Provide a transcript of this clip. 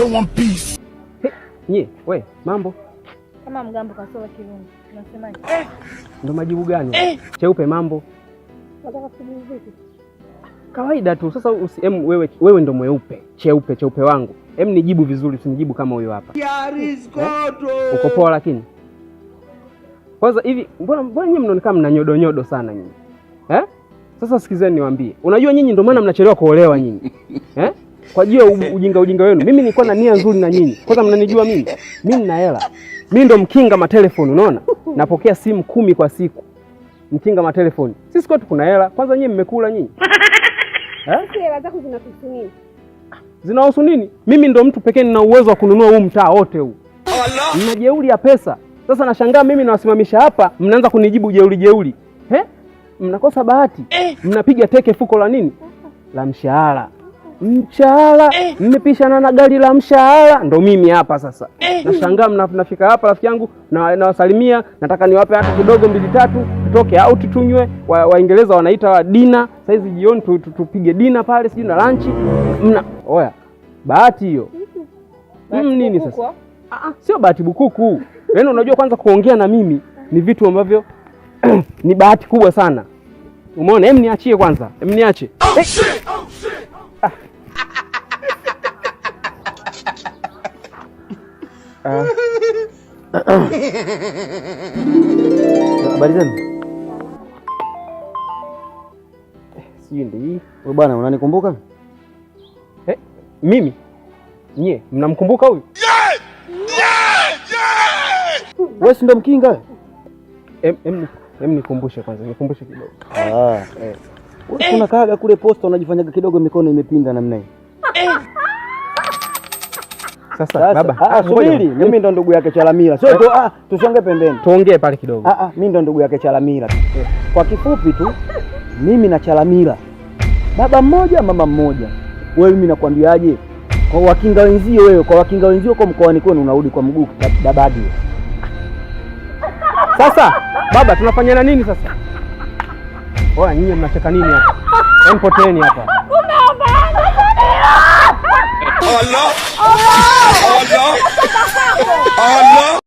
don't want peace. Ye, we, mambo kama mgambo kasoa Kirungu unasemaje? Eh, ndo majibu gani? Eh, cheupe mambo kawaida tu. Sasa usi, em, wewe, wewe ndo mweupe cheupe cheupe wangu, em, nijibu vizuri, usinijibu kama huyo hapa eh? Uko poa lakini kwanza hivi, mbona mbona nyinyi mnaonekana mna nyodo nyodo sana nyinyi eh? Sasa sikizeni niwaambie, unajua nyinyi ndo maana mnachelewa kuolewa nyinyi eh? kwa juu ya ujinga ujinga wenu. Mimi nilikuwa na nia nzuri na nyinyi, kwanza mnanijua mimi, mimi nina hela, mimi ndo mkinga matelefoni. Unaona, napokea simu kumi kwa siku, mkinga matelefoni. Sisi kwetu kuna hela. Kwanza nyinyi mmekula nyinyi eh? zinahusu nini? Mimi ndo mtu pekee nina uwezo wa kununua huu mtaa wote huu, mna oh, jeuri ya pesa. Sasa nashangaa mimi nawasimamisha hapa, mnaanza kunijibu jeuri jeuri. He? Eh? mnakosa bahati, eh. mnapiga teke fuko la nini la mshahara mchala eh, mmepishana na gari la mshahara, ndo mimi hapa sasa eh. Nashangaa mnafika hapa rafiki yangu, nawasalimia na nataka niwape hata kidogo mbili tatu, tutoke au tunywe, Waingereza wa wanaita dina saizi jioni, tupige dina pale, sijui na lanchi mna oya, bahati hiyo mm, nini sasa? Ah, ah, sio bahati bukuku yaani unajua, kwanza kuongea na mimi ni vitu ambavyo ni bahati kubwa sana, umeona. mniachie niachie kwanza, em niache oh, oh Ah. Habari zenu. Eh, sijui ndi wewe bwana, unanikumbuka eh? Mimi nyie mnamkumbuka huyu? Wewe si ndo mkinga? Em, nikumbushe kwanza, nikumbushe kidogo. Ah, eh. Wewe unakaaga kule posta unajifanyaga kidogo mikono imepinda namna hii sasa baba, ah, ah, subiri, mimi ndo ndugu yake Chalamila. Sio tu ah, tusonge pembeni. Tuongee pale kidogo. Ah ah, mimi ndo ndugu yake Chalamila. Kwa kifupi tu, mimi na Chalamila baba mmoja mama mmoja. Wewe mimi nakwambiaje? Kwa wakinga wenzio wewe, kwa wakinga wenzio kwa mkoani kwenu unarudi kwa mguu dabadi. Sasa baba, tunafanya na nini sasa? Oya, nyinyi mnacheka nini hapa? Mpoteni hapa. Oh, no. Oh, no. Allah.